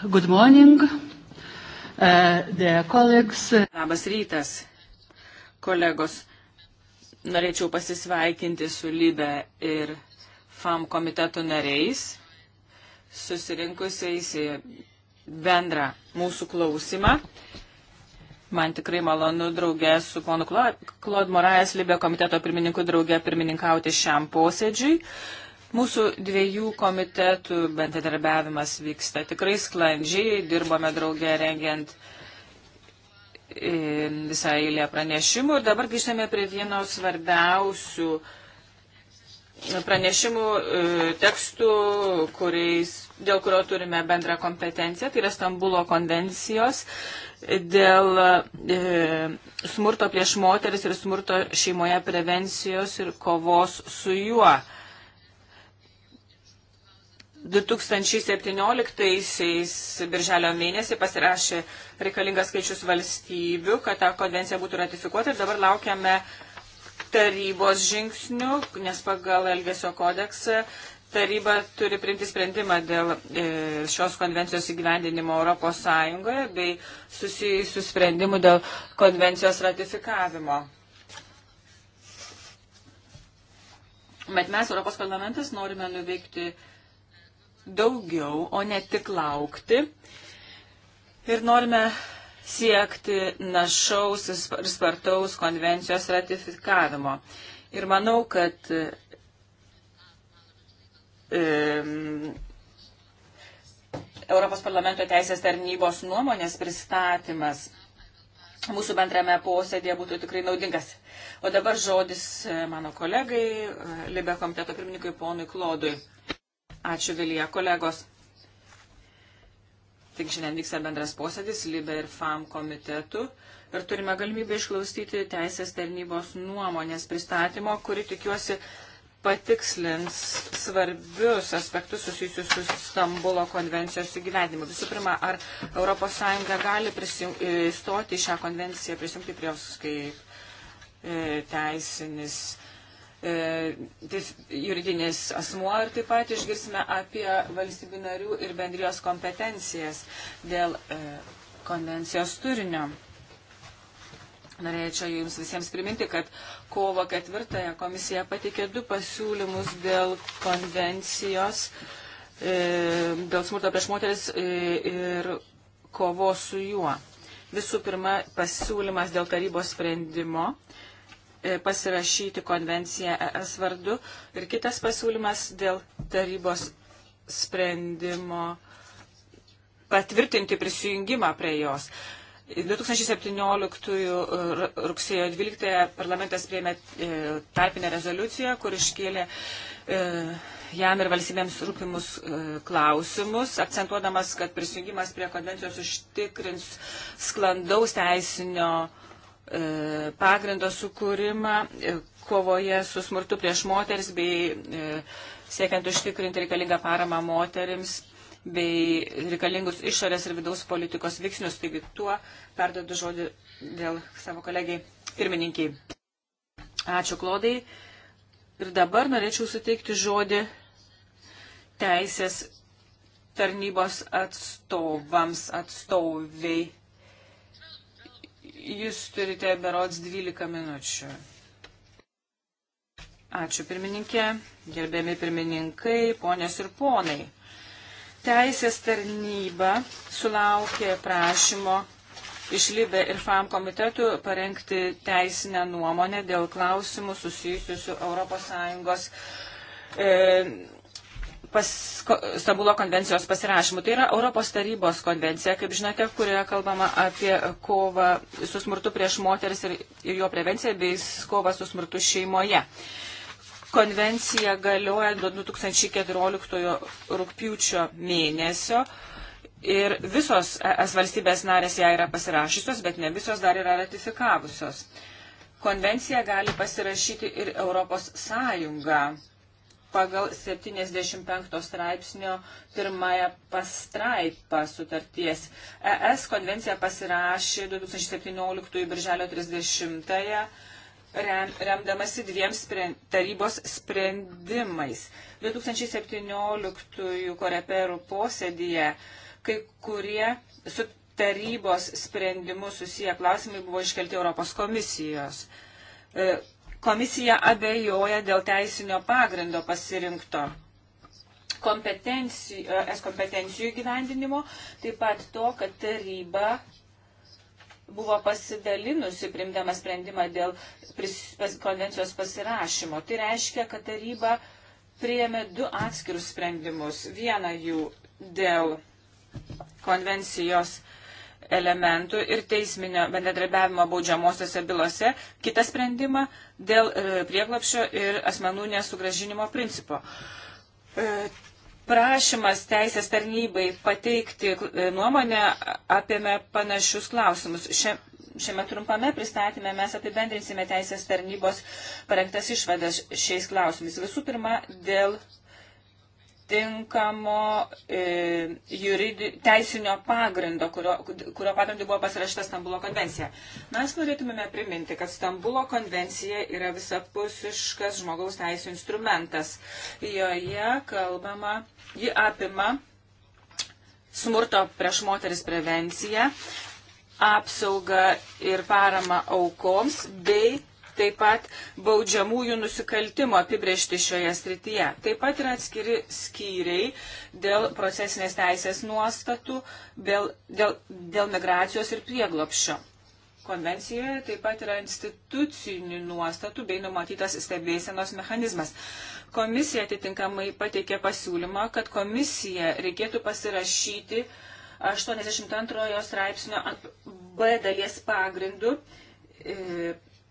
Good morning, uh, dear colleagues. Labas rytas, kolegos. Norėčiau pasisveikinti su Libe ir FAM komiteto nariais, susirinkusiais į bendrą mūsų klausimą. Man tikrai malonu draugė su ponu Klod Morajas, Libe komiteto pirmininku draugė pirmininkauti šiam posėdžiui. Uh, Mūsų dviejų komitetų bendradarbiavimas vyksta tikrai sklandžiai, dirbame draugė rengiant e, visą eilę pranešimų ir dabar grįžtame prie vieno svarbiausių pranešimų e, tekstų, kuriais, dėl kurio turime bendrą kompetenciją, tai yra Stambulo konvencijos dėl e, smurto prieš moteris ir smurto šeimoje prevencijos ir kovos su juo. E, 2017-aisiais birželio mėnesį pasirašė reikalingas skaičius valstybių, kad ta konvencija būtų ratifikuota ir dabar laukiame tarybos žingsnių, nes pagal Elgesio kodeksą taryba turi priimti sprendimą dėl e, šios konvencijos įgyvendinimo Europos Sąjungoje bei susijusių sprendimų dėl konvencijos ratifikavimo. Bet mes, Europos parlamentas, norime nuveikti uh, daugiau, o ne tik laukti. Ir norime siekti našaus ir spartaus konvencijos ratifikavimo. Ir manau, kad e, Europos parlamento teisės tarnybos nuomonės pristatymas mūsų bendrame posėdėje būtų tikrai naudingas. O dabar žodis e, mano kolegai, e, Libe komiteto pirmininkui ponui Klodui. Ačiū Vilija, kolegos. Tik šiandien vyksta bendras posėdis Libe ir FAM komitetu ir turime galimybę išklausyti teisės tarnybos nuomonės pristatymo, kuri tikiuosi patikslins svarbius aspektus susijusius su Stambulo konvencijos įgyvenimu. Visų pirma, ar ES gali įstoti šią konvenciją, prisijungti prie jos kaip e, teisinis E, juridinis asmuo ir taip pat išgirsime apie valstybių narių ir bendrijos kompetencijas dėl e, konvencijos turinio. Norėčiau Jums visiems priminti, kad kovo ketvirtąją komisija patikė du pasiūlymus dėl konvencijos, e, dėl smurto prieš moteris ir kovos su juo. Visų pirma, pasiūlymas dėl tarybos sprendimo, E, pasirašyti konvenciją ES vardu ir kitas pasiūlymas dėl tarybos sprendimo patvirtinti prisijungimą prie jos. 2017 e, rugsėjo 12 parlamentas priėmė e, tarpinę rezoliuciją, kur iškėlė jam ir valstybėms rūpimus klausimus, akcentuodamas, kad prisijungimas prie konvencijos užtikrins sklandaus teisinio uh, E, pagrindo sukūrimą e, kovoje su smurtu prieš moteris bei e, siekiant užtikrinti reikalingą paramą moterims bei reikalingus išorės ir vidaus politikos veiksnius. Taigi tuo perdodu žodį dėl savo kolegiai pirmininkiai. Ačiū, Klodai. Ir dabar norėčiau suteikti žodį teisės tarnybos atstovams, atstoviai. Jūs turite berods 12 minučių. Ačiū pirmininkė, gerbėmi pirmininkai, ponės ir ponai. Teisės tarnyba sulaukė prašymo iš Libė ir FAM komitetų parengti teisinę nuomonę dėl klausimų susijusių su ES e, pas, Stambulo konvencijos pasirašymu. Tai yra Europos tarybos konvencija, kaip žinote, kurioje kalbama apie kovą su smurtu prieš moteris ir, ir jo prevenciją bei kovą su smurtu šeimoje. Konvencija galioja 2014 rūpiučio mėnesio. Ir visos es valstybės narės ją yra pasirašysios, bet ne visos dar yra ratifikavusios. Konvenciją gali pasirašyti ir Europos Sąjunga pagal 75 straipsnio pirmąją pastraipą sutarties. ES konvencija pasirašė 2017 birželio 30-ąją remdamasi dviem spren, tarybos sprendimais. 2017 koreperų posėdėje kai kurie su tarybos sprendimu susiję klausimai buvo iškelti Europos komisijos e, Komisija abejoja dėl teisinio pagrindo pasirinkto kompetencijų, e, es kompetencijų gyvendinimo, taip pat to, kad taryba buvo pasidalinusi primdama sprendimą dėl pris, pas, konvencijos pasirašymo. Tai reiškia, kad taryba priėmė du atskirus sprendimus. Vieną jų dėl konvencijos elementų ir teisminio bendradarbiavimo baudžiamosiose bylose, kitą sprendimą dėl e, prieglapšio ir asmenų nesugražinimo principo. E, prašymas teisės tarnybai pateikti e, nuomonę apėmė panašius klausimus. Šia, šiame trumpame pristatymė mes apibendrinsime teisės tarnybos parengtas išvadas šiais klausimais. Visų pirma, dėl tinkamo e, juridi, teisinio pagrindo, kurio, kurio pagrindu buvo pasirašyta Stambulo konvencija. Mes norėtumėme priminti, kad Stambulo konvencija yra visapusiškas žmogaus teisų instrumentas. Joje kalbama, ji apima smurto prieš moteris prevenciją, apsaugą ir paramą aukoms bei taip pat baudžiamųjų nusikaltimų apibriežti šioje srityje. Taip pat yra atskiri skyriai dėl procesinės teisės nuostatų, dėl, dėl, dėl migracijos ir prieglopščio. Konvencijoje taip pat yra institucinių nuostatų bei numatytas stebėsenos mechanizmas. Komisija atitinkamai pateikė pasiūlymą, kad komisija reikėtų pasirašyti 82 straipsnio B dalies pagrindų e,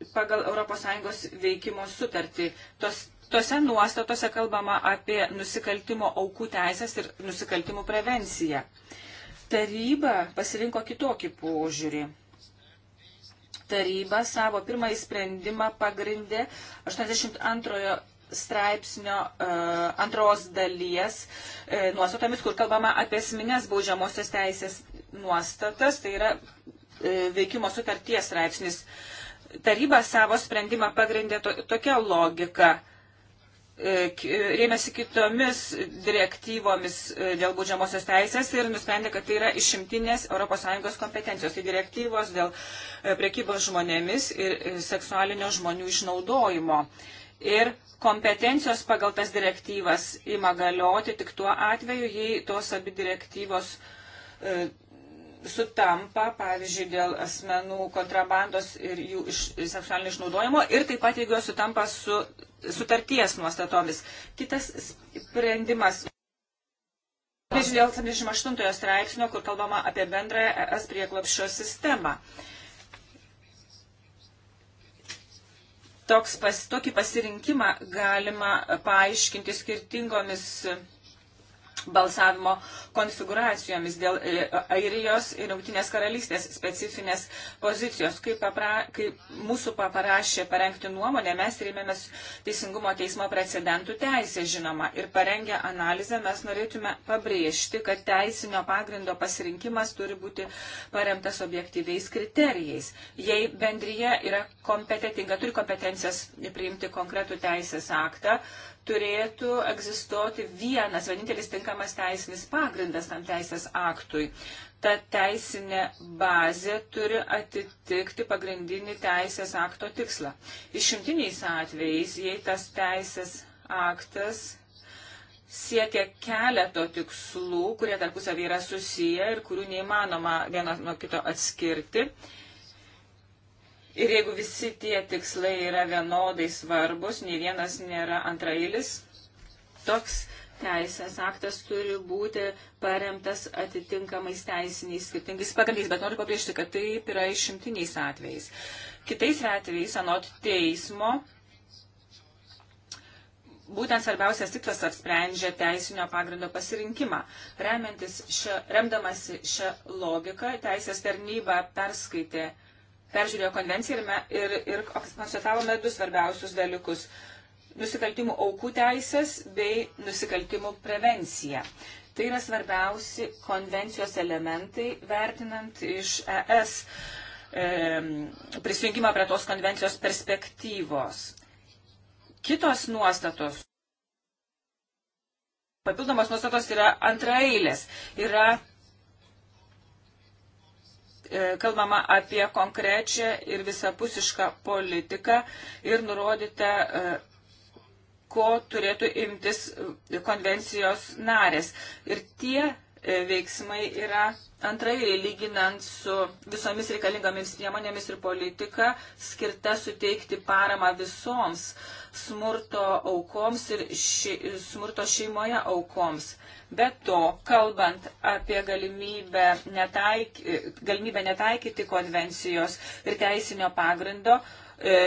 pagal ES veikimo sutartį. Tos, tose nuostatose kalbama apie nusikaltimo aukų teisės ir nusikaltimų prevenciją. Taryba pasirinko kitokį požiūrį. Taryba savo pirmąjį sprendimą pagrindė 82 straipsnio uh, antros dalies uh, nuostatomis, kur kalbama apie esminės baudžiamosios teisės nuostatas, tai yra uh, veikimo sutarties straipsnis. Uh, taryba savo sprendimą pagrindė to, tokia logika, e, rėmėsi kitomis direktyvomis e, dėl būdžiamosios teisės ir nusprendė, kad tai yra išimtinės ES kompetencijos. Tai direktyvos dėl e, priekybos žmonėmis ir seksualinio žmonių išnaudojimo. Ir kompetencijos pagal tas direktyvas ima galioti tik tuo atveju, jei tos abi direktyvos sutampa, pavyzdžiui, dėl asmenų kontrabandos ir jų iš, seksualinio išnaudojimo ir taip pat, jeigu jos sutampa su sutarties nuostatomis. Kitas sprendimas. Pavyzdžiui, dėl 78 straipsnio, kur kalbama apie bendrąją ES prieklapščio sistemą. Toks pas, tokį pasirinkimą galima paaiškinti skirtingomis balsavimo konfiguracijomis dėl e, Airijos ir Jungtinės karalystės specifinės pozicijos. Kai, papra, kai mūsų paprašė parengti nuomonę, mes rėmėmės Teisingumo teismo precedentų teisė, žinoma, ir parengę analizę mes norėtume pabrėžti, kad teisinio pagrindo pasirinkimas turi būti paremtas objektyviais kriterijais. Jei bendryje yra kompetitinga, turi kompetencijas priimti konkretų teisės aktą, turėtų egzistuoti vienas, vienintelis tinkamas teisinis pagrindas tam teisės aktui. Ta teisinė bazė turi atitikti pagrindinį teisės akto tikslą. Išimtiniais atvejais, jei tas teisės aktas siekia keleto tikslų, kurie tarpusavį yra susiję ir kurių neįmanoma vienas nuo kito atskirti, uh, Ir jeigu visi tie tikslai yra vienodai svarbus, nei vienas nėra antrailis, toks teisės aktas turi būti paremtas atitinkamais teisiniais skirtingais pagrindais, bet noriu pabrėžti, kad taip yra išimtiniais atvejais. Kitais atvejais, anot teismo, būtent svarbiausias tikslas apsprendžia teisinio pagrindo pasirinkimą. Remiantis šia, remdamasi šią logiką, teisės tarnyba perskaitė peržiūrėjo konvenciją ir, me, ir, ir konstatavome du svarbiausius dalykus - nusikaltimų aukų teisės bei nusikaltimų prevenciją. Tai yra svarbiausi konvencijos elementai, vertinant iš ES e, prisijungimą prie tos konvencijos perspektyvos. Kitos nuostatos, papildomos nuostatos yra antraeilės, yra E, kalbama apie konkrečią ir visapusišką politiką ir nurodyta, e, ko turėtų imtis konvencijos narės. Ir tie E, veiksmai yra antrailiai lyginant su visomis reikalingomis priemonėmis ir politika skirta suteikti paramą visoms smurto aukoms ir ši, smurto šeimoje aukoms. Be to, kalbant apie galimybę, netaik, e, galimybę netaikyti konvencijos ir teisinio pagrindo, e,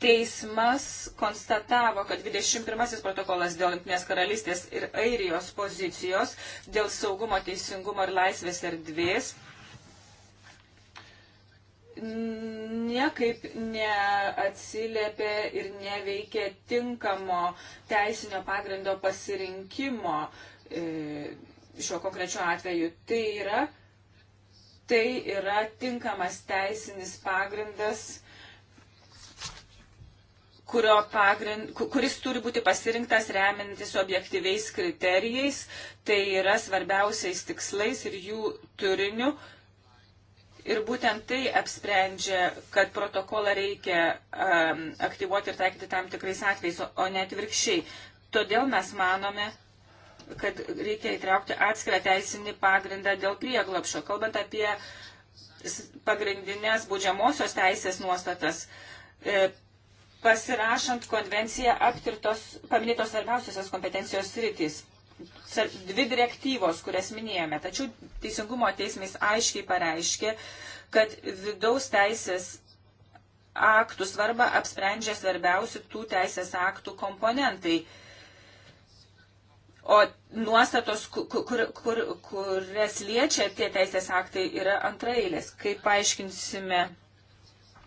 Teismas konstatavo, kad 21 protokolas dėl Junktinės karalystės ir Airijos pozicijos dėl saugumo, teisingumo ir laisvės erdvės niekaip neatsiliepė ir neveikė tinkamo teisinio pagrindo pasirinkimo e, šiuo konkrečiu atveju. Tai yra, tai yra tinkamas teisinis pagrindas pagrind, kuris turi būti pasirinktas remintis objektyviais kriterijais, tai yra svarbiausiais tikslais ir jų turiniu. Ir būtent tai apsprendžia, kad protokolą reikia um, aktyvuoti ir taikyti tam tikrais atvejais, o, o ne atvirkščiai. Todėl mes manome, kad reikia įtraukti atskirą teisinį pagrindą dėl prieglapšio. Kalbant apie pagrindinės būdžiamosios teisės nuostatas, e, pasirašant konvenciją aptirtos, paminėtos svarbiausiosios kompetencijos rytis. Dvi direktyvos, kurias minėjome, tačiau Teisingumo teismais aiškiai pareiškė, kad vidaus teisės aktų svarbą apsprendžia svarbiausi tų teisės aktų komponentai. O nuostatos, kur, kur, kurias liečia tie teisės aktai, yra antrailės. Kaip paaiškinsime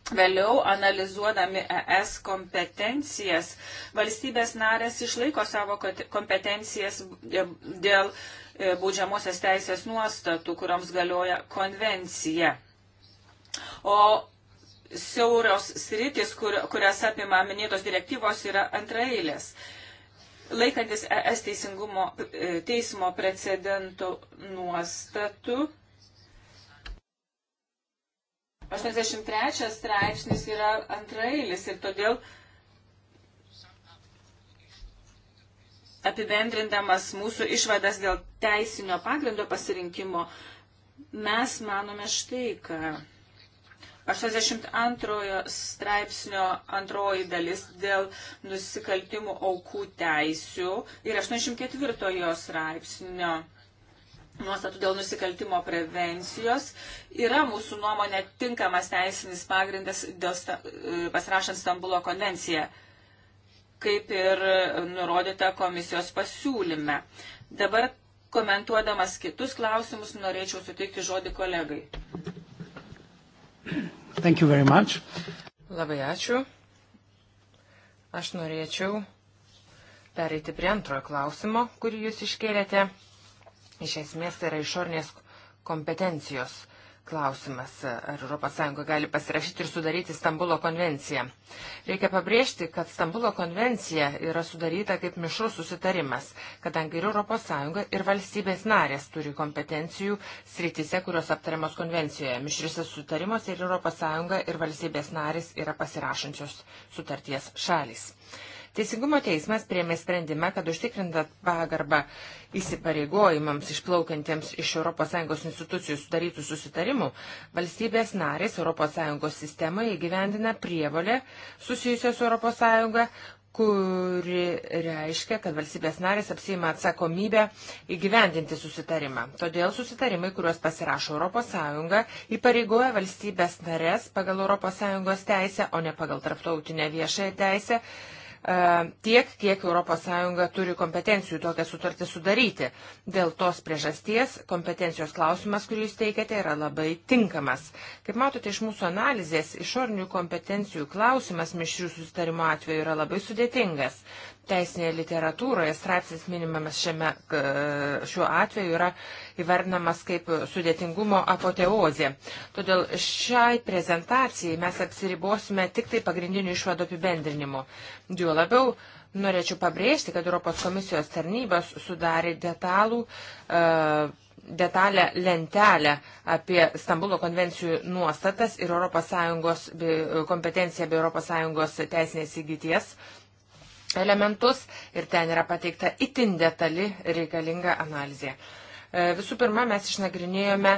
Vėliau, analizuodami ES kompetencijas, valstybės narės išlaiko savo kompetencijas dėl e, baudžiamosios teisės nuostatų, kuriams galioja konvencija. O siaurios sritis, kur, kurias apima minėtos direktyvos, yra antraeilės. Laikantis ES teisingumo e, teismo precedentų nuostatų, 83 straipsnis yra antrailis ir todėl apibendrindamas mūsų išvadas dėl teisinio pagrindo pasirinkimo, mes manome štai, kad 82 straipsnio antroji dalis dėl nusikaltimų aukų teisių ir 84 straipsnio nuostatų dėl nusikaltimo prevencijos. Yra mūsų nuomonė tinkamas teisinis pagrindas dėl sta, e, pasirašant Stambulo konvenciją, kaip ir nurodyta komisijos pasiūlyme. Dabar komentuodamas kitus klausimus norėčiau suteikti žodį kolegai. Labai ačiū. Aš norėčiau pereiti prie antrojo klausimo, kurį jūs iškėlėte. Iš esmės tai yra išornės kompetencijos klausimas, ar ES gali pasirašyti ir sudaryti Stambulo konvenciją. Reikia pabrėžti, kad Stambulo konvencija yra sudaryta kaip mišrus susitarimas, kadangi ir ES ir valstybės narės turi kompetencijų srityse, kurios aptariamos konvencijoje. Mišriuose susitarimuose ir ES ir valstybės narės yra pasirašančios sutarties šalis. Teisingumo teismas priemė sprendimą, kad užtikrintat pagarbą įsipareigojimams išplaukantiems iš ES institucijų sudarytų susitarimų, valstybės narės ES sistemoje įgyvendina prievolę susijusią su ES, kuri reiškia, kad valstybės narės apsima atsakomybę įgyvendinti susitarimą. Todėl susitarimai, kuriuos pasirašo ES, įpareigoja valstybės narės pagal ES teisę, o ne pagal tarptautinę viešąją teisę, E, tiek, kiek ES turi kompetencijų tokią sutartį sudaryti. Dėl tos priežasties kompetencijos klausimas, kurį jūs teikiate, yra labai tinkamas. Kaip matote iš mūsų analizės, išorinių kompetencijų klausimas mišrių susitarimo atveju yra labai sudėtingas teisinėje literatūroje straipsnis minimamas šiame, šiuo atveju yra įvardinamas kaip sudėtingumo apoteozė. Todėl šiai prezentacijai mes apsiribosime tik tai pagrindinių išvadų apibendrinimu. Dėl labiau norėčiau pabrėžti, kad Europos komisijos tarnybos sudarė detalų. Uh, detalę lentelę apie Stambulo konvencijų nuostatas ir ES kompetenciją bei ES teisinės įgyties. Uh, elementus ir ten yra pateikta itin detali reikalinga analizė. E, visų pirma, mes išnagrinėjome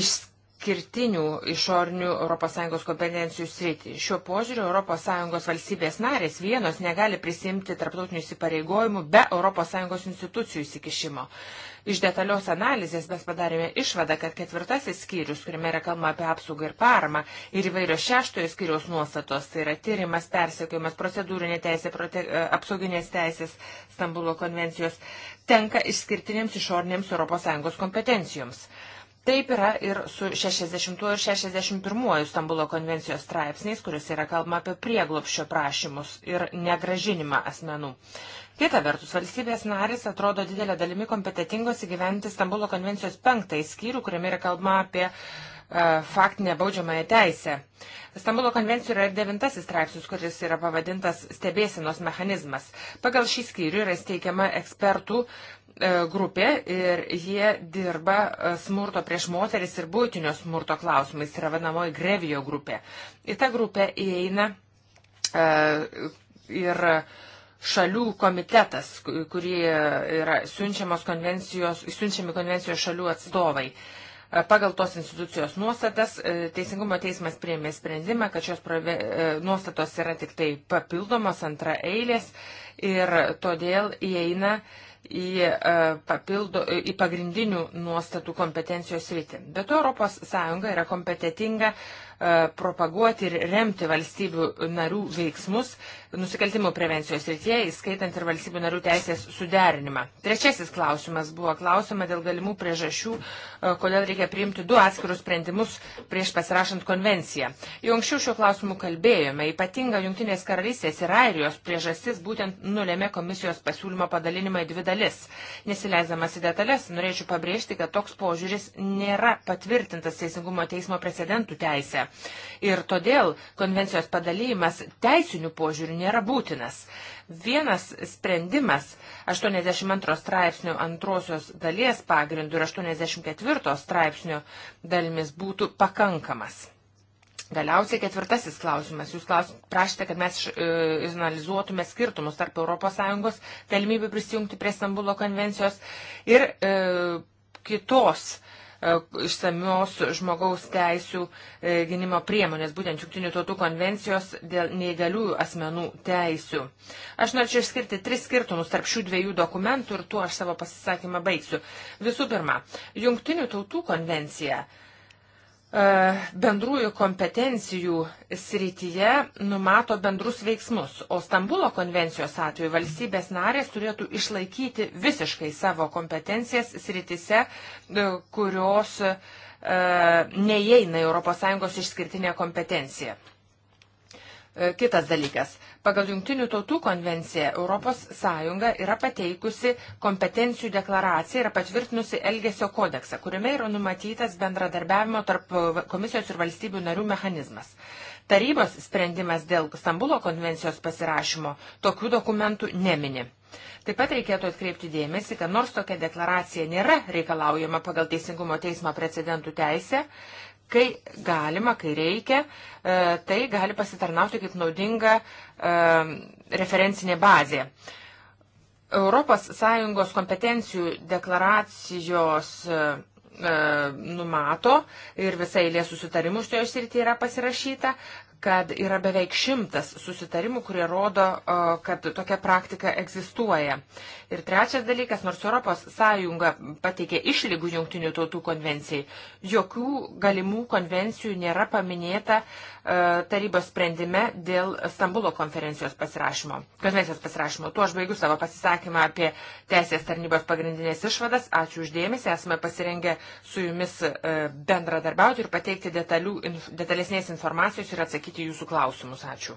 iš kertinių išorinių ES kompetencijų sritį. Šiuo požiūriu ES valstybės narės vienos negali prisimti tarptautinių įsipareigojimų be ES institucijų įsikišimo. Iš detalios analizės mes padarėme išvadą, kad ketvirtasis skyrius, kuriame yra kalba apie apsaugą ir paramą, ir įvairios šeštojo skyriaus nuostatos, tai yra tyrimas, persekiojimas, procedūrinė teisė, prote, e, apsauginės teisės, Stambulo konvencijos, tenka išskirtinėms išorinėms ES kompetencijoms. Taip yra ir su 60 ir 61 Stambulo konvencijos straipsniais, kuris yra kalbama apie prieglopščio prašymus ir negražinimą asmenų. Kita vertus, valstybės narys atrodo didelė dalimi kompetitingos įgyventi Stambulo konvencijos penktąjį skyrių, kuriame yra kalbama apie e, faktinę baudžiamąją teisę. Stambulo konvencijoje yra ir devintasis straipsnis, kuris yra pavadintas stebėsinos mechanizmas. Pagal šį skyrių yra steigiama ekspertų E, grupė ir jie dirba e, smurto prieš moteris ir būtinio smurto klausimais, tai yra vadinamoji grevijo grupė. Į tą grupę įeina e, ir šalių komitetas, kurie yra siunčiamos konvencijos, siunčiami konvencijos šalių atstovai. Pagal tos institucijos nuostatas Teisingumo teismas priėmė sprendimą, kad šios prave, nuostatos yra tik tai papildomos antra eilės ir todėl įeina uh, į, e, papildo, e, į pagrindinių nuostatų kompetencijos sritį. Be to, ES yra kompetitinga E, propaguoti ir remti valstybių narių veiksmus nusikaltimų prevencijos rytyje, įskaitant ir valstybių narių teisės suderinimą. Trečiasis klausimas buvo klausima dėl galimų priežasčių, e, kodėl reikia priimti du atskirus sprendimus prieš pasirašant konvenciją. Jau anksčiau šiuo klausimu kalbėjome, ypatinga Junktinės karalystės ir Airijos priežastis būtent nulėmė komisijos pasiūlymo padalinimą į dvi dalis. Nesileisdamas į detalės, norėčiau pabrėžti, kad toks požiūris nėra patvirtintas Teisingumo teismo precedentų teisė. Ir todėl konvencijos padalymas teisinių požiūrių nėra būtinas. Vienas sprendimas 82 straipsnio antrosios dalies pagrindų ir 84 straipsnio dalimis būtų pakankamas. Galiausiai ketvirtasis klausimas. Jūs klaus, prašėte, kad mes e, analizuotume skirtumus tarp ES galimybių prisijungti prie Stambulo konvencijos ir e, kitos e, E, išsamios žmogaus teisų e, gynimo priemonės, būtent Junktinių tautų konvencijos dėl neįgaliųjų asmenų teisų. Aš norėčiau išskirti tris skirtumus tarp šių dviejų dokumentų ir tuo aš savo pasisakymą baigsiu. Visų pirma, Junktinių tautų konvencija E, bendrųjų kompetencijų srityje numato bendrus veiksmus, o Stambulo konvencijos atveju valstybės narės turėtų išlaikyti visiškai savo kompetencijas srityse, e, kurios e, neįeina į ES išskirtinę kompetenciją. E, kitas dalykas. Pagal Junktinių tautų konvenciją ES yra pateikusi kompetencijų deklaraciją ir patvirtinusi Elgesio kodeksą, kuriame yra numatytas bendradarbiavimo tarp komisijos ir valstybių narių mechanizmas. Tarybos sprendimas dėl Stambulo konvencijos pasirašymo tokių dokumentų nemini. Taip pat reikėtų atkreipti dėmesį, kad nors tokia deklaracija nėra reikalaujama pagal Teisingumo teismo precedentų teisę, Kai galima, kai reikia, e, tai gali pasitarnauti kaip naudinga e, referencinė bazė. ES kompetencijų deklaracijos e, numato ir visai lė susitarimų šioje srityje yra pasirašyta, kad yra beveik šimtas susitarimų, kurie rodo, kad tokia praktika egzistuoja. Ir trečias dalykas, nors ES pateikė išlygų jungtinių tautų konvencijai, jokių galimų konvencijų nėra paminėta tarybos sprendime dėl Stambulo konferencijos pasirašymo. Konvencijos pasirašymo. Tuo aš baigiu savo pasisakymą apie teisės tarnybos pagrindinės išvadas. Ačiū uždėmesi, esame pasirengę su jumis e, bendradarbiauti ir pateikti detalių, detalesnės informacijos ir atsakyti atsakyti jūsų klausimus. Ačiū.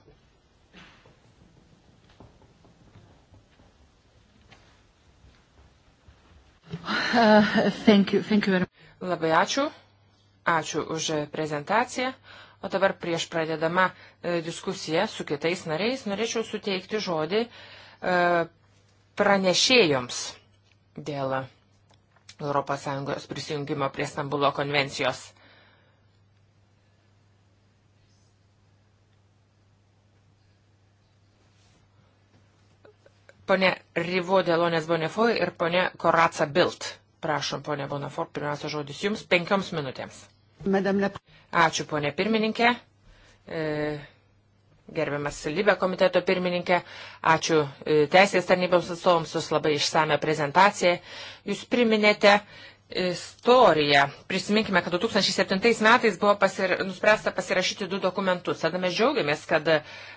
Uh, thank you, thank you. Labai ačiū. Ačiū už prezentaciją. O dabar prieš pradedama e, diskusiją su kitais nariais norėčiau suteikti žodį e, pranešėjoms dėl ES prisijungimo prie Stambulo konvencijos. Pone Rivo Delonės Bonefoj ir pone Koraca Bilt. Prašom, ponė Bonafor, pirmiausia žodis jums penkioms minutėms. Madame... Ačiū, ponė pirmininkė. E, gerbiamas Libė komiteto pirmininkė, ačiū e, Teisės tarnybėms atstovams už labai išsame prezentaciją. Jūs priminėte istoriją. Prisiminkime, kad 2007 metais buvo pasir... nuspręsta pasirašyti du dokumentus. Tada mes džiaugiamės, kad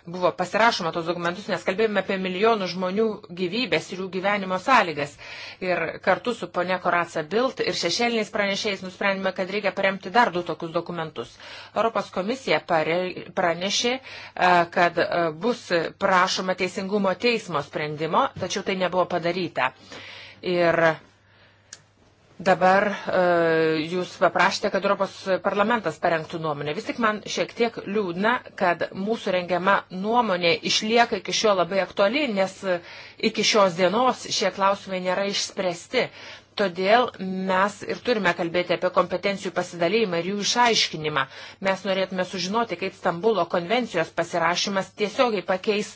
buvo pasirašoma tos dokumentus, nes kalbėjome apie milijonų žmonių gyvybės ir jų gyvenimo sąlygas. Ir kartu su ponia Koraca Bilt ir šešėliniais pranešėjais nusprendėme, kad reikia paremti dar du tokius dokumentus. Europos komisija pare... pranešė, kad bus prašoma teisingumo teismo sprendimo, tačiau tai nebuvo padaryta. Ir Dabar e, jūs paprašėte, kad Europos parlamentas parengtų nuomonę. Vis tik man šiek tiek liūdna, kad mūsų rengiama nuomonė išlieka iki šio labai aktuali, nes iki šios dienos šie klausimai nėra išspręsti. Todėl mes ir turime kalbėti apie kompetencijų pasidalymą ir jų išaiškinimą. Mes norėtume sužinoti, kaip Stambulo konvencijos pasirašymas tiesiogiai pakeis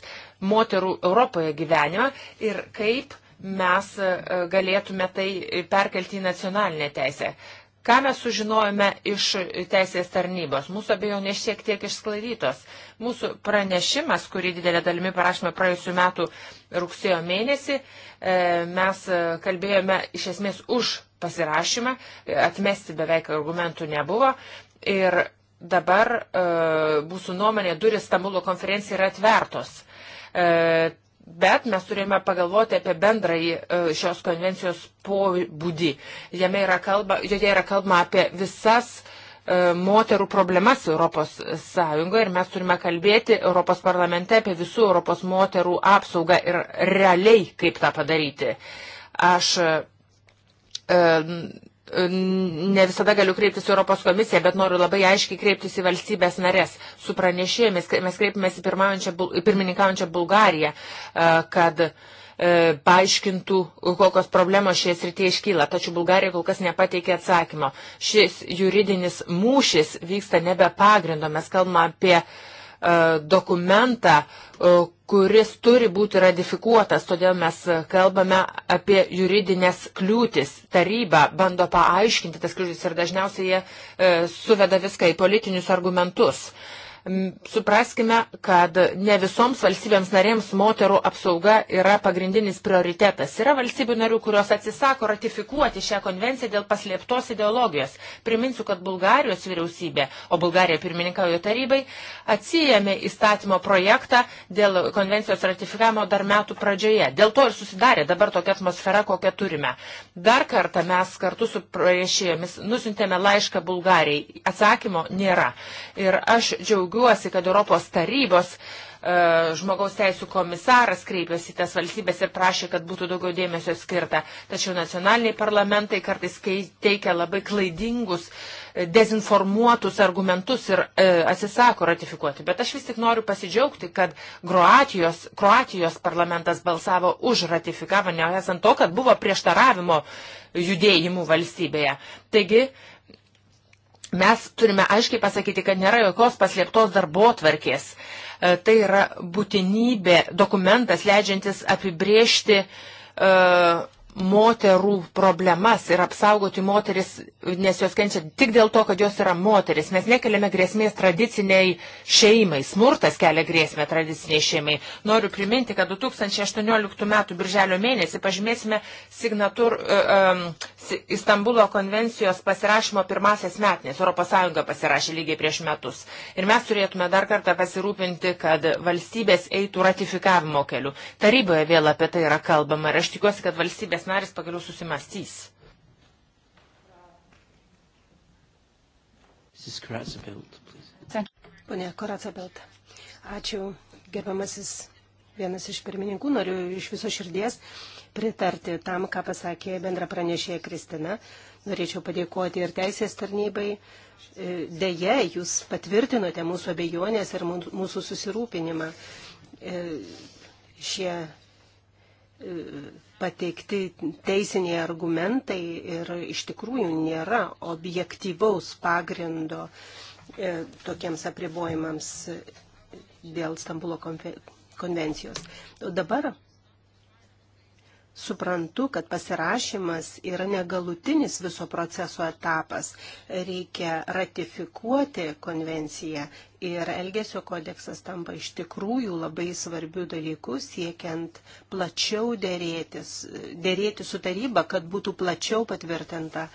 moterų Europoje gyvenimą ir kaip mes e, e, galėtume tai perkelti į nacionalinę teisę. Ką mes sužinojome iš teisės tarnybos? Mūsų abejonės šiek tiek išsklaidytos. Mūsų pranešimas, kurį didelė dalimi parašėme praėjusiu metu rugsėjo mėnesį, e, mes kalbėjome iš esmės už pasirašymą, atmesti beveik argumentų nebuvo. Ir dabar mūsų nuomonė duris Stambulo konferencijai yra atvertos. Bet mes turėjome pagalvoti apie bendrąjį e, šios konvencijos pobūdį. Jame yra kalba, joje yra kalbama apie visas e, moterų problemas Europos Sąjungoje ir mes turime kalbėti Europos parlamente apie visų Europos moterų apsaugą ir realiai kaip tą padaryti. Aš e, ne visada galiu kreiptis į Europos komisiją, bet noriu labai aiškiai kreiptis į valstybės narės. Su pranešėjomis mes kreipėmės į pirmininkaujančią Bulgariją, e, kad e, paaiškintų, kokios problemos šie srityje iškyla. Tačiau Bulgarija kol kas nepateikė atsakymo. Šis juridinis mūšis vyksta nebe pagrindo. Mes kalbame apie uh, E, dokumentą, e, kuris turi būti ratifikuotas, todėl mes kalbame apie juridinės kliūtis. Taryba bando paaiškinti tas kliūtis ir dažniausiai jie e, suveda viską į politinius argumentus. Uh, Supraskime, kad ne visoms valstybėms narėms moterų apsauga yra pagrindinis prioritetas. Yra valstybių narių, kurios atsisako ratifikuoti šią konvenciją dėl paslėptos ideologijos. Priminsiu, kad Bulgarijos vyriausybė, o Bulgarija pirmininkaujo tarybai, atsijėmė įstatymo projektą dėl konvencijos ratifikavimo dar metų pradžioje. Dėl to ir susidarė dabar tokia atmosfera, kokią turime. Dar kartą mes kartu su pranešėjomis nusintėme laišką Bulgarijai. Atsakymo nėra. Ir aš džiaugiuosi džiaugiuosi, kad Europos tarybos e, žmogaus teisų komisaras kreipėsi į tas valstybės ir prašė, kad būtų daugiau dėmesio skirta. Tačiau nacionaliniai parlamentai kartais teikia labai klaidingus, e, dezinformuotus argumentus ir e, atsisako ratifikuoti. Bet aš vis tik noriu pasidžiaugti, kad Kroatijos, Kroatijos parlamentas balsavo už ratifikavimą, nesant to, kad buvo prieštaravimo judėjimų valstybėje. Taigi, Mes turime aiškiai pasakyti, kad nėra jokios paslėptos darbo tvarkės. E, tai yra būtinybė, dokumentas leidžiantis apibriežti uh, moterų problemas ir apsaugoti moteris, nes jos kenčia tik dėl to, kad jos yra moteris. Mes nekeliame grėsmės tradiciniai šeimai. Smurtas kelia grėsmę tradiciniai šeimai. Noriu priminti, kad 2018 m. birželio mėnesį pažymėsime signatur uh, um, Istanbulo konvencijos pasirašymo pirmasias metinės. ES pasirašė lygiai prieš metus. Ir mes turėtume dar kartą pasirūpinti, kad valstybės eitų ratifikavimo keliu. Taryboje vėl apie tai yra kalbama ir aš tikiuosi, kad valstybės valstybės narės pagaliau susimastys. Pone Koracabilt, ačiū gerbiamasis vienas iš pirmininkų, noriu iš viso širdies pritarti tam, ką pasakė bendra pranešėja Kristina. Norėčiau padėkoti ir teisės tarnybai. E, Deja, jūs patvirtinote mūsų abejonės ir mūsų susirūpinimą. E, Šie pateikti teisiniai argumentai ir iš tikrųjų nėra objektyvaus pagrindo e, tokiems apribojimams dėl Stambulo konvencijos. O dabar suprantu, kad pasirašymas yra negalutinis viso proceso etapas. Reikia ratifikuoti konvenciją ir Elgesio kodeksas tampa iš tikrųjų labai svarbių dalykų, siekiant plačiau dėrėtis, dėrėti su taryba, kad būtų plačiau patvirtinta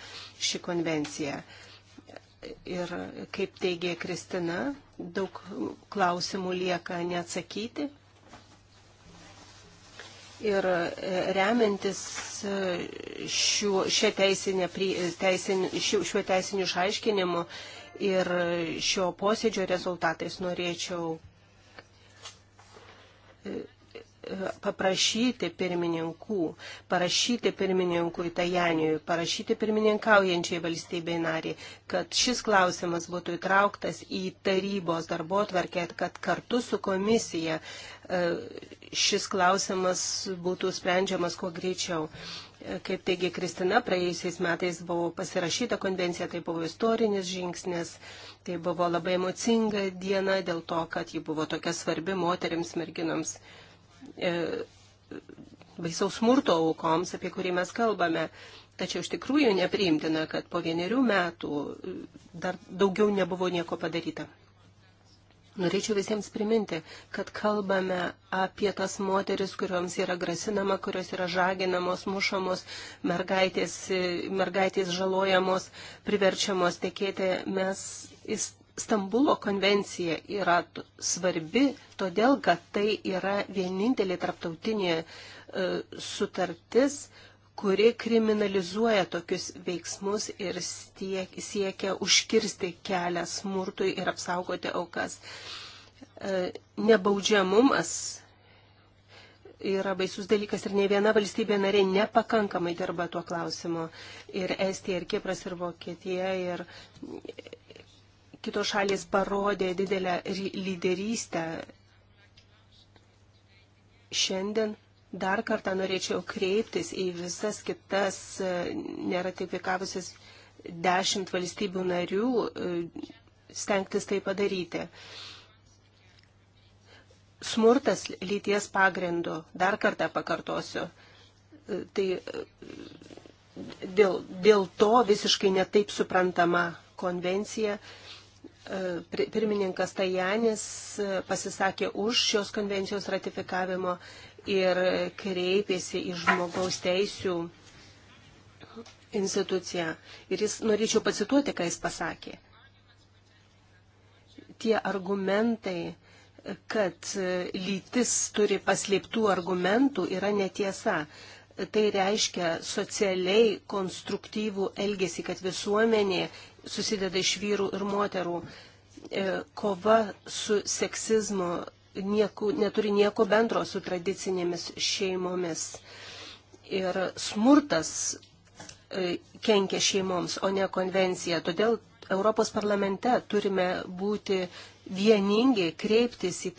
ši konvencija. Ir kaip teigia Kristina, daug klausimų lieka neatsakyti, Ir e, remiantis e, šiuo, šiuo, teisinė, teisin, šiuo, šiuo teisiniu išaiškinimu ir šio posėdžio rezultatais norėčiau e, paprašyti pirmininkų, parašyti pirmininkui Tajaniui, parašyti pirmininkaujančiai valstybei nariai, kad šis klausimas būtų įtrauktas į tarybos darbo atvarkę, kad kartu su komisija e, šis klausimas būtų sprendžiamas kuo greičiau. E, kaip teigia Kristina, praėjusiais metais buvo pasirašyta konvencija, tai buvo istorinis žingsnis, tai buvo labai emocinga diena dėl to, kad ji buvo tokia svarbi moteriams, merginoms. Uh, E, baisaus smurto aukoms, apie kurį mes kalbame. Tačiau iš tikrųjų nepriimtina, kad po vienerių metų e, dar daugiau nebuvo nieko padaryta. Norėčiau visiems priminti, kad kalbame apie tas moteris, kurioms yra grasinama, kurios yra žaginamos, mušamos, mergaitės, e, mergaitės žalojamos, priverčiamos tekėti. Mes Stambulo konvencija yra svarbi, todėl kad tai yra vienintelė tarptautinė e, sutartis, kuri kriminalizuoja tokius veiksmus ir siekia užkirsti kelią smurtui ir apsaugoti aukas. E, nebaudžiamumas yra baisus dalykas ir ne viena valstybė narė nepakankamai dirba tuo klausimu. Ir Estija, ir Kipras, ir Vokietija, ir kitos šalis parodė didelę lyderystę. Šiandien dar kartą norėčiau kreiptis į visas kitas e, neratifikavusias dešimt valstybių narių, e, stengtis tai padaryti. Smurtas lyties pagrindu, dar kartą pakartosiu, e, tai dėl, dėl to visiškai netaip suprantama konvencija pirmininkas Tajanis e, pasisakė už šios konvencijos ratifikavimo ir kreipėsi į žmogaus teisų instituciją. Ir jis, norėčiau pacituoti, ką jis pasakė. Tie argumentai, kad lytis turi paslėptų argumentų, yra netiesa tai reiškia socialiai konstruktyvų elgesį, kad visuomenė susideda iš vyrų ir moterų. E, kova su seksizmu nieku, neturi nieko bendro su tradicinėmis šeimomis. Ir smurtas e, kenkia šeimoms, o ne konvencija. Todėl Europos parlamente turime būti vieningi, kreiptis į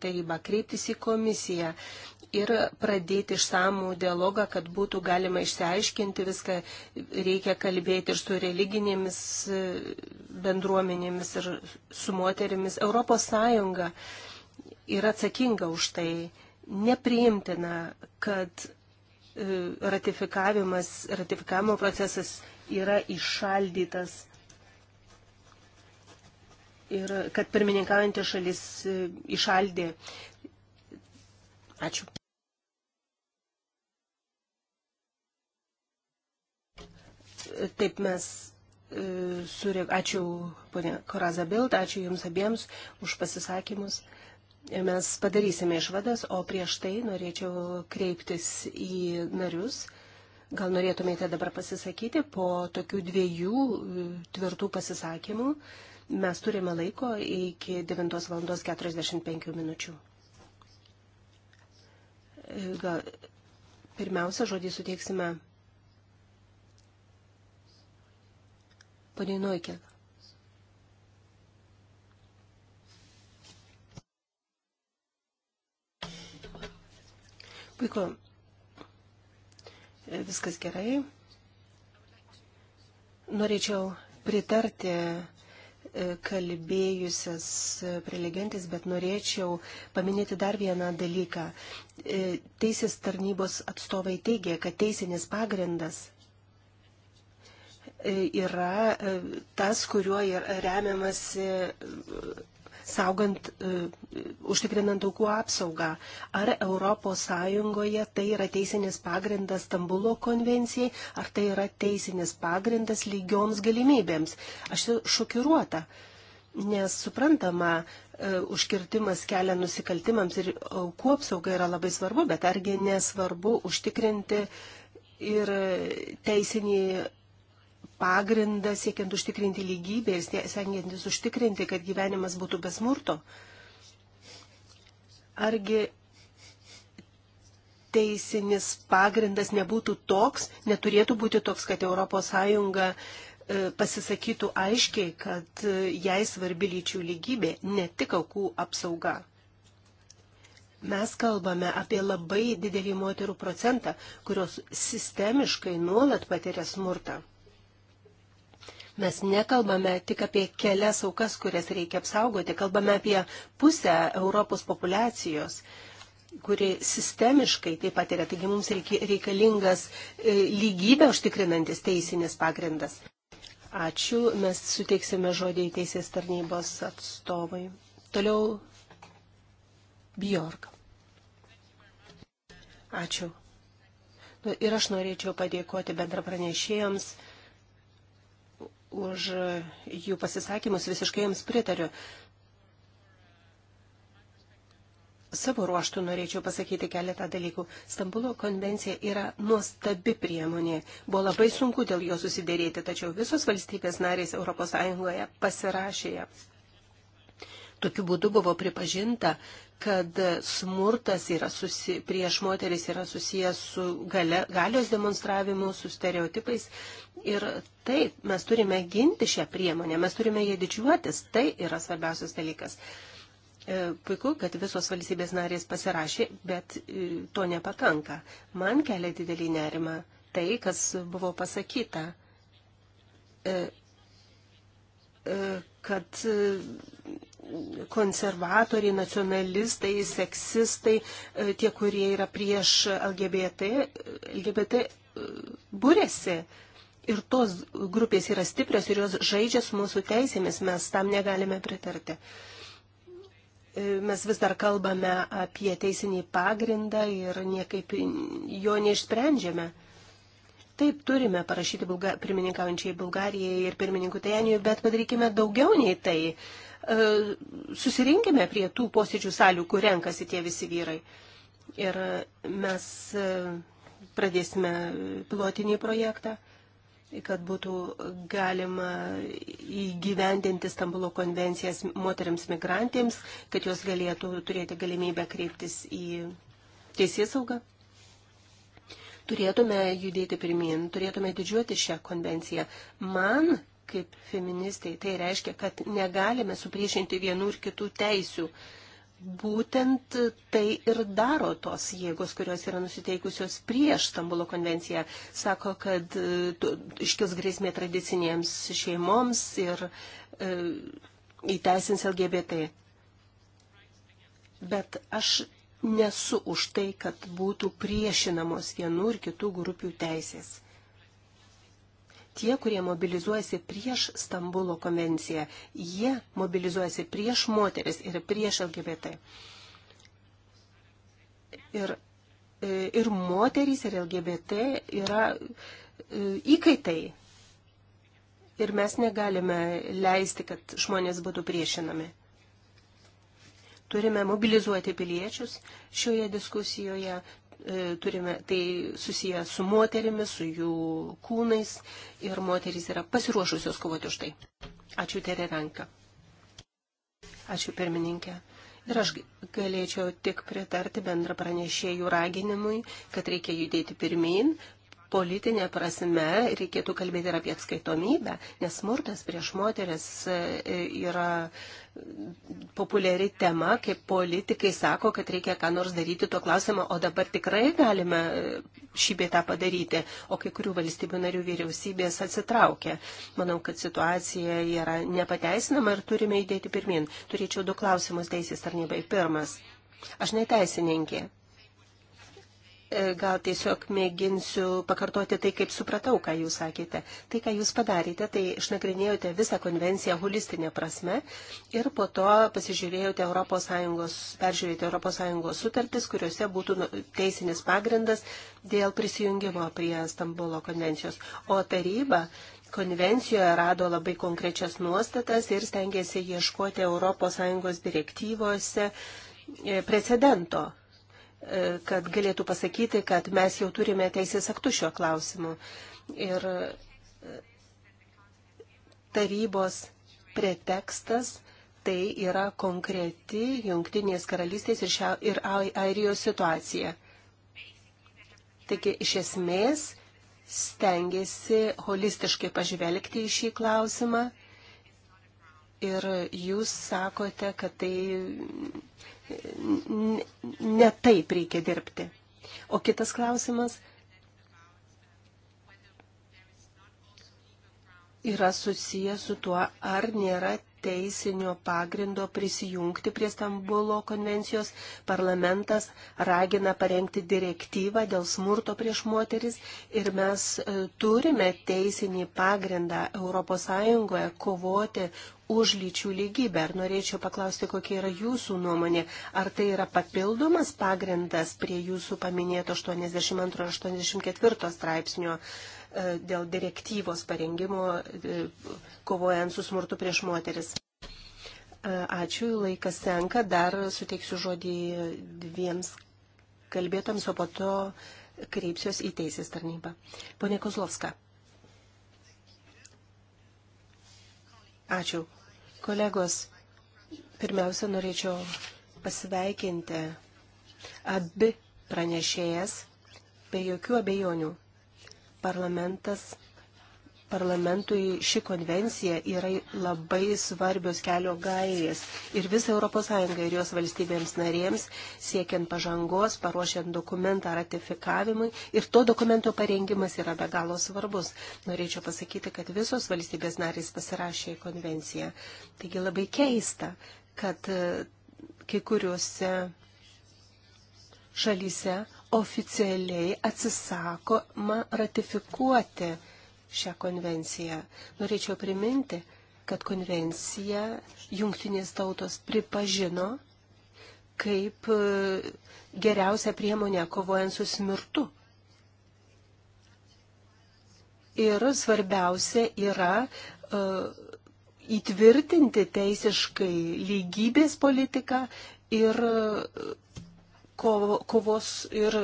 tarybą, kreiptis į komisiją ir pradėti išsamų dialogą, kad būtų galima išsiaiškinti viską. Reikia kalbėti ir su religinėmis e, bendruomenėmis, ir su moterimis. Europos Sąjunga yra atsakinga už tai. Nepriimtina, kad e, ratifikavimas, ratifikavimo procesas yra išaldytas ir kad pirmininkaujantė šalis e, išaldė Ačiū. Taip mes e, sureag... Ačiū, ponė Korazabilt, ačiū Jums abiems už pasisakymus. E, mes padarysime išvadas, o prieš tai norėčiau kreiptis į narius. Gal norėtumėte dabar pasisakyti po tokių dviejų e, tvirtų pasisakymų. Mes turime laiko iki 9 val. 45 minučių. Gal pirmiausia, žodį suteiksime poniai Noikel. Puiku. Viskas gerai. Norėčiau pritarti kalbėjusias prelegentės, bet norėčiau paminėti dar vieną dalyką. E, teisės tarnybos atstovai teigia, kad teisinis pagrindas e, yra e, tas, kuriuo remiamasi saugant, e, užtikrinant aukų apsaugą. Ar ES tai yra teisinis pagrindas Stambulo konvencijai, ar tai yra teisinis pagrindas lygioms galimybėms? Aš šokiruota. Nes suprantama, e, užkirtimas kelia nusikaltimams ir aukų apsauga yra labai svarbu, bet argi nesvarbu užtikrinti ir teisinį pagrindą siekiant užtikrinti lygybę ir stengiantis užtikrinti, kad gyvenimas būtų be smurto? Argi teisinis pagrindas nebūtų toks, neturėtų būti toks, kad ES e, pasisakytų aiškiai, kad e, jai svarbi lyčių lygybė, ne tik aukų apsauga. Mes kalbame apie labai didelį moterų procentą, kurios sistemiškai nuolat patiria smurtą. Mes nekalbame tik apie kelias aukas, kurias reikia apsaugoti, kalbame apie pusę Europos populacijos kuri sistemiškai taip pat yra. Taigi mums reikalingas e, lygybę užtikrinantis teisinis pagrindas. Ačiū. Mes suteiksime žodį į teisės tarnybos atstovai. Toliau Bjork. Ačiū. Nu, ir aš norėčiau padėkoti bendra pranešėjams už jų pasisakymus, visiškai jums pritariu. Savo ruoštų norėčiau pasakyti keletą dalykų. Stambulo konvencija yra nuostabi priemonė. Buvo labai sunku dėl jo susidėrėti, tačiau visos valstybės narės ES pasirašė ją. Tokiu būdu buvo pripažinta, kad smurtas yra susi, prieš moteris yra susijęs su gale, galios demonstravimu, su stereotipais. Ir taip, mes turime ginti šią priemonę, mes turime ją didžiuotis, tai yra svarbiausias dalykas. E, puiku, kad visos valstybės narės pasirašė, bet e, to nepakanka. Man kelia didelį nerimą tai, kas buvo pasakyta, e, kad konservatoriai, nacionalistai, seksistai, e, tie, kurie yra prieš LGBT, LGBT e, būrėsi. Ir tos grupės yra stiprios ir jos žaidžia su mūsų teisėmis, mes tam negalime pritarti. E, mes vis dar kalbame apie teisinį pagrindą ir niekaip jo neišsprendžiame. Taip, turime parašyti bulga, pirmininkaujančiai Bulgarijai ir pirmininkų Tajaniui, bet padarykime daugiau nei tai. Uh, E, susirinkime prie tų posėdžių salių, kur renkasi tie visi vyrai. Ir mes e, pradėsime pilotinį projektą, kad būtų galima įgyvendinti Stambulo konvencijas moteriams migrantėms, kad jos galėtų turėti galimybę kreiptis į teisėsaugą turėtume judėti pirmin, turėtume didžiuoti šią konvenciją. Man kaip feministai, tai reiškia, kad negalime supriešinti vienų ir kitų teisių. Būtent tai ir daro tos jėgos, kurios yra nusiteikusios prieš Stambulo konvenciją. Sako, kad e, iškils grėsmė tradicinėms šeimoms ir e, įteisins LGBT. Bet aš nesu už tai, kad būtų priešinamos vienų ir kitų grupių teisės tie, kurie mobilizuojasi prieš Stambulo konvenciją, jie mobilizuojasi prieš moteris ir prieš LGBT. Ir, e, ir moterys ir LGBT yra e, įkaitai. Ir mes negalime leisti, kad žmonės būtų priešinami. Turime mobilizuoti piliečius šioje diskusijoje, E, turime tai susiję su moterimis, su jų kūnais ir moterys yra pasiruošusios kovoti už tai. Ačiū Terė Ranka. Ačiū pirmininkė. Ir aš galėčiau tik pritarti bendra pranešėjų raginimui, kad reikia judėti pirmin, politinė prasme reikėtų kalbėti ir apie atskaitomybę, nes smurtas prieš moteris e, yra populiari tema, kaip politikai sako, kad reikia ką nors daryti tuo klausimu, o dabar tikrai galime e, šį bėtą padaryti, o kai kurių valstybių narių vyriausybės atsitraukia. Manau, kad situacija yra nepateisinama ir turime įdėti pirmin. Turėčiau du klausimus teisės tarnybai. Pirmas. Aš neteisininkė, E, gal tiesiog mėginsiu pakartoti tai, kaip supratau, ką jūs sakėte. Tai, ką jūs padarėte, tai išnagrinėjote visą konvenciją holistinė prasme ir po to pasižiūrėjote ES, peržiūrėjote ES sutartis, kuriuose būtų nu, teisinis pagrindas dėl prisijungimo prie Stambulo konvencijos. O taryba konvencijoje rado labai konkrečias nuostatas ir stengiasi ieškoti ES direktyvose e, precedento kad galėtų pasakyti, kad mes jau turime teisės aktų šiuo klausimu. Ir e, tarybos pretekstas tai yra konkreti Junktinės karalystės ir, šia, ir Airijos situacija. Taigi, iš esmės, stengiasi holistiškai pažvelgti į šį klausimą ir jūs sakote, kad tai ne taip reikia dirbti. O kitas klausimas yra susijęs su tuo, ar nėra teisinio pagrindo prisijungti prie Stambulo konvencijos, parlamentas ragina parengti direktyvą dėl smurto prieš moteris ir mes e, turime teisinį pagrindą ES kovoti už lyčių lygybę. Ar norėčiau paklausti, kokia yra jūsų nuomonė? Ar tai yra papildomas pagrindas prie jūsų paminėto 82-84 straipsnio? E, dėl direktyvos parengimo e, kovojant su smurtu prieš moteris. E, ačiū, laikas senka. Dar suteiksiu žodį dviems kalbėtams, o po to kreipsiuos į teisės tarnybą. Pone Kozlovska. Ačiū. Kolegos, pirmiausia, norėčiau pasveikinti abi pranešėjas be jokių abejonių parlamentas parlamentui ši konvencija yra labai svarbios kelio gairės ir visai ES ir jos valstybėms narėms siekiant pažangos, paruošiant dokumentą ratifikavimui ir to dokumento parengimas yra be galo svarbus. Norėčiau pasakyti, kad visos valstybės narės pasirašė į konvenciją. Taigi labai keista, kad e, kai kuriuose šalyse oficialiai atsisako ratifikuoti šią konvenciją. Norėčiau priminti, kad konvenciją jungtinės tautos pripažino kaip e, geriausia priemonė kovojant su smirtu. Ir svarbiausia yra uh, įtvirtinti teisiškai lygybės politiką ir uh, kovos ir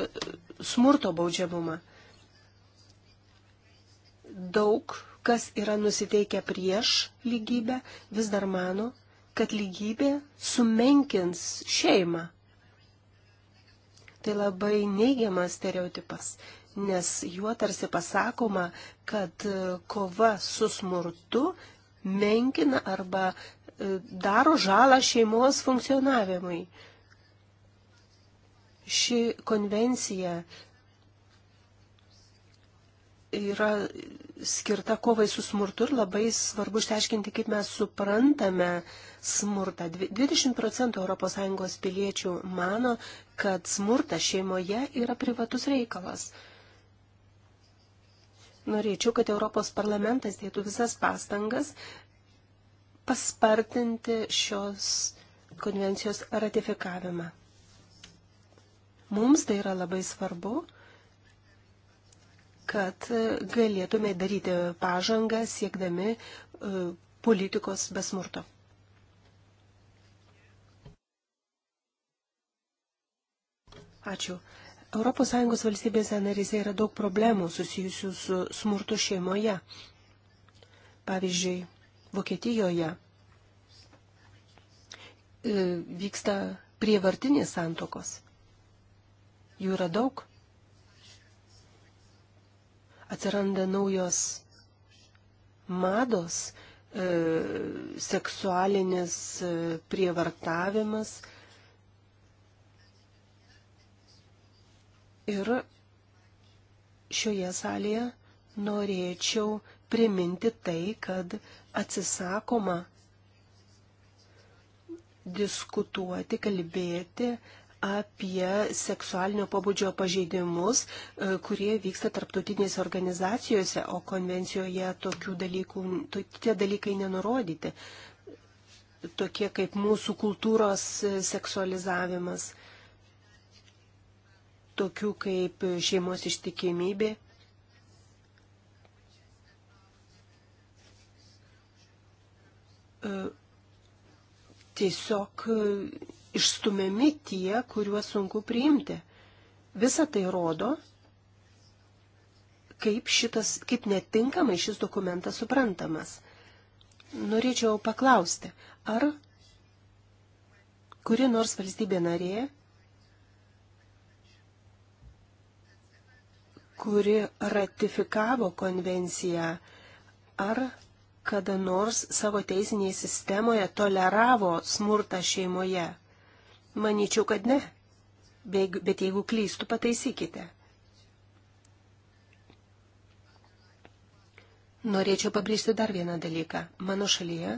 smurto baudžiamumą. Daug kas yra nusiteikę prieš lygybę, vis dar mano, kad lygybė sumenkins šeimą. Tai labai neigiamas stereotipas, nes juo tarsi pasakoma, kad e, kova su smurtu menkina arba e, daro žalą šeimos funkcionavimui. Ši konvencija yra skirta kovai su smurtu ir labai svarbu išteiškinti, kaip mes suprantame smurtą. 20 procentų ES piliečių mano, kad smurtas šeimoje yra privatus reikalas. Norėčiau, kad Europos parlamentas dėtų visas pastangas paspartinti šios konvencijos ratifikavimą. Mums tai yra labai svarbu, kad e, galėtume daryti pažangą siekdami e, politikos besmurto. Ačiū. ES valstybėse narise yra daug problemų susijusių su smurtu šeimoje. Pavyzdžiui, Vokietijoje e, vyksta prievartinės santokos. Jų yra daug. Atsiranda naujos mados, e, seksualinis e, prievartavimas. Ir šioje salėje norėčiau priminti tai, kad atsisakoma diskutuoti, kalbėti apie seksualinio pobūdžio pažeidimus, e, kurie vyksta tarptautinėse organizacijose, o konvencijoje tokių dalykų, tie dalykai nenurodyti, tokie kaip mūsų kultūros e, seksualizavimas, tokių kaip šeimos ištikimybė, e, tiesiog išstumiami tie, kuriuos sunku priimti. Visa tai rodo, kaip, šitas, kaip netinkamai šis dokumentas suprantamas. Norėčiau paklausti, ar kuri nors valstybė narė, kuri ratifikavo konvenciją, ar kada nors savo teisinėje sistemoje toleravo smurtą šeimoje. Manyčiau, kad ne. Bet jeigu klystų, pataisykite. Norėčiau pabrėžti dar vieną dalyką. Mano šalyje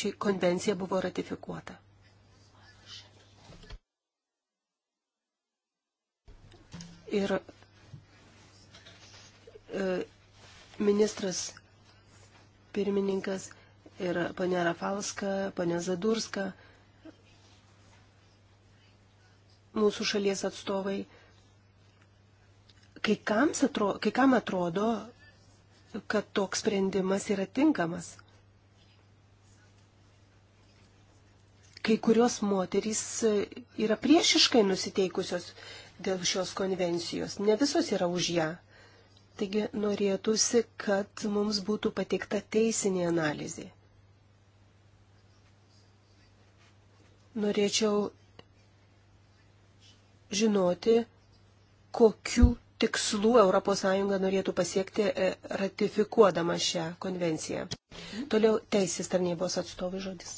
ši konvencija buvo ratifikuota. Ir e, ministras pirmininkas ir ponia Rafalska, ponia Zadurska, e, mūsų šalies atstovai. Kai, atrodo, kai kam atrodo, kad toks sprendimas yra tinkamas. Kai kurios moterys yra priešiškai nusiteikusios dėl šios konvencijos, ne visos yra už ją. Taigi norėtųsi, kad mums būtų pateikta teisinė analizė. Norėčiau žinoti, kokiu tikslų ES norėtų pasiekti e, ratifikuodama šią konvenciją. Toliau teisės tarnybos atstovų žodis.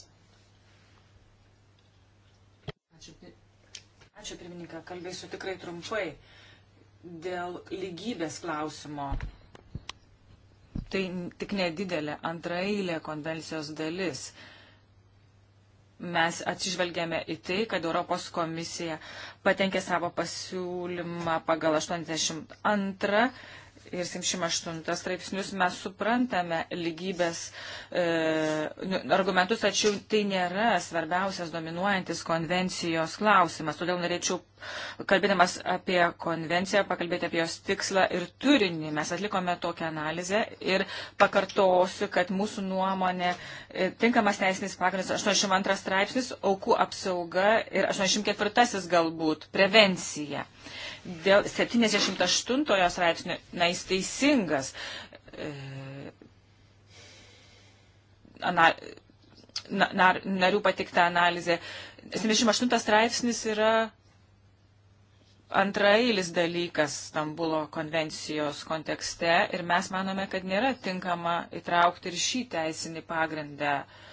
Ačiū, ačiū pirmininką, kalbėsiu tikrai trumpai dėl lygybės klausimo. Tai tik nedidelė antraeilė konvencijos dalis mes atsižvelgėme į tai, kad Europos komisija patenkė savo pasiūlymą pagal 82 ir 78 straipsnius mes suprantame lygybės e, nu, argumentus, tačiau tai nėra svarbiausias dominuojantis konvencijos klausimas. Todėl norėčiau, kalbėdamas apie konvenciją, pakalbėti apie jos tikslą ir turinį. Mes atlikome tokią analizę ir pakartosiu, kad mūsų nuomonė e, tinkamas teisinis pagrindas 82 straipsnis, aukų apsauga ir 84 galbūt prevencija dėl 78 straipsnio, na, jis teisingas. E, ana, na, nar, narių patikta analizė. 78 straipsnis yra antrailis dalykas Stambulo konvencijos kontekste ir mes manome, kad nėra tinkama įtraukti ir šį teisinį pagrindą. E,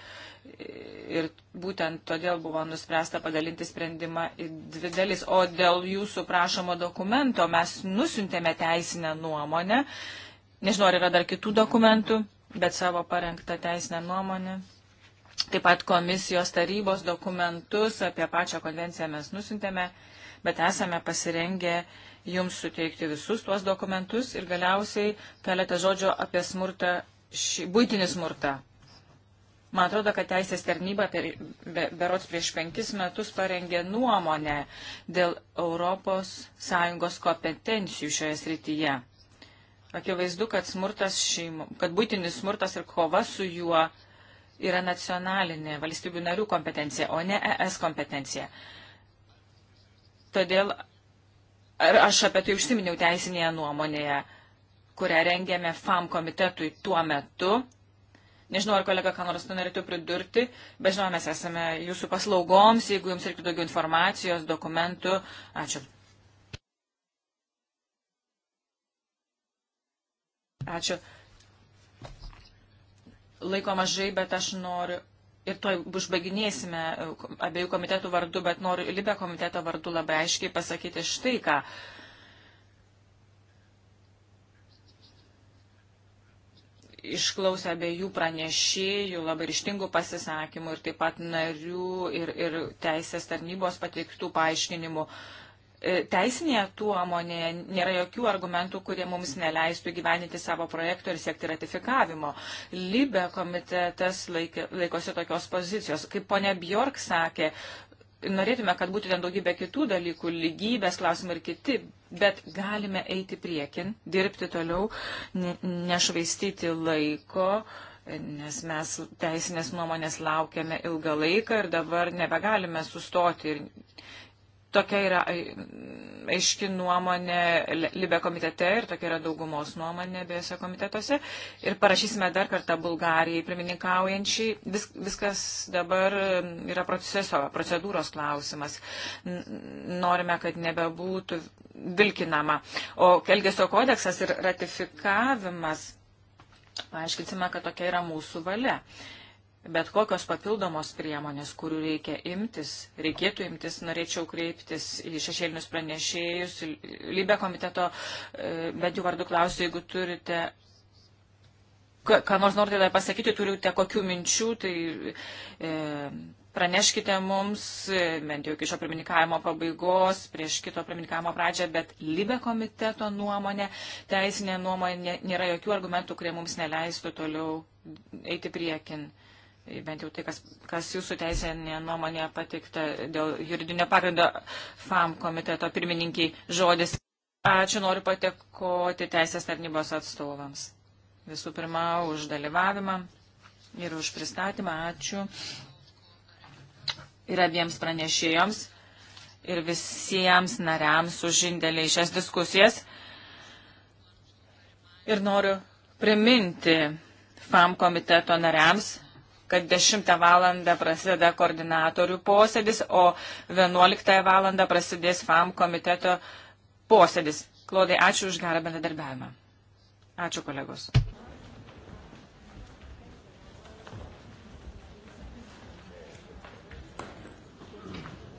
ir būtent todėl buvo nuspręsta padalinti sprendimą į dvi dalis. O dėl jūsų prašomo dokumento mes nusintėme teisinę nuomonę. Nežinau, ar yra dar kitų dokumentų, bet savo parengtą teisinę nuomonę. Taip pat komisijos tarybos dokumentus apie pačią konvenciją mes nusintėme, bet esame pasirengę jums suteikti visus tuos dokumentus ir galiausiai keletą žodžio apie smurtą, šį, būtinį smurtą Man atrodo, kad teisės tarnyba per, be, berots prieš penkis metus parengė nuomonę dėl ES kompetencijų šioje srityje. Akivaizdu, kad, smurtas šeimo, kad būtinis smurtas ir kova su juo yra nacionalinė valstybių narių kompetencija, o ne ES kompetencija. Todėl aš apie tai užsiminiau teisinėje nuomonėje, kurią rengėme FAM komitetui tuo metu Nežinau, ar kolega ką nors norėtų pridurti, bet žinoma, mes esame jūsų paslaugoms, jeigu jums reikia daugiau informacijos, dokumentų. Ačiū. Ačiū. Laiko mažai, bet aš noriu ir to užbaiginėsime e, abiejų komitetų vardu, bet noriu Libė komiteto vardu labai aiškiai pasakyti štai ką. Uh, išklausę abiejų pranešėjų labai ryštingų pasisakymų ir taip pat narių ir, ir teisės tarnybos pateiktų paaiškinimų. E, teisinėje tuomonėje nėra jokių argumentų, kurie mums neleistų gyveninti savo projekto ir siekti ratifikavimo. Libe komitetas laikė, laikosi tokios pozicijos. Kaip ponia Bjork sakė, norėtume, kad būtų ten daugybė kitų dalykų, lygybės klausimai ir kiti, bet galime eiti priekin, dirbti toliau, nešvaistyti laiko, nes mes teisinės nuomonės laukiame ilgą laiką ir dabar nebegalime sustoti ir Tokia yra aiški nuomonė Libe komitete ir tokia yra daugumos nuomonė abiejose komitetuose. Ir parašysime dar kartą Bulgarijai, pirmininkaujančiai. Vis, viskas dabar mm, yra proceso, procedūros klausimas. Norime, kad nebebūtų vilkinama. O Kelgesio kodeksas ir ratifikavimas, paaiškinsime, kad tokia yra mūsų valia. Uh, bet kokios papildomos priemonės, kurių reikia imtis, reikėtų imtis, norėčiau kreiptis į šešėlinius pranešėjus, lybę komiteto, e, bet jų vardu klausiu, jeigu turite, ką nors norite dar pasakyti, turite kokių minčių, tai e, praneškite mums, e, bent jau iki šio pirmininkavimo pabaigos, prieš kito pirmininkavimo pradžią, bet lybę komiteto nuomonė, teisinė nuomonė, nėra jokių argumentų, kurie mums neleistų toliau eiti priekin bent jau tai, kas, kas jūsų teisinė nuomonė patikta dėl juridinio pagrindo FAM komiteto pirmininkiai žodis. Ačiū, noriu patekoti teisės tarnybos atstovams. Visų pirma, už dalyvavimą ir už pristatymą. Ačiū ir abiems pranešėjoms ir visiems nariams už indėlį į šias diskusijas. Ir noriu priminti FAM komiteto nariams, kad 10 valandą prasideda koordinatorių posėdis, o 11 valandą prasidės FAM komiteto posėdis. Klodai, ačiū už gerą bendradarbiavimą. Ačiū kolegos.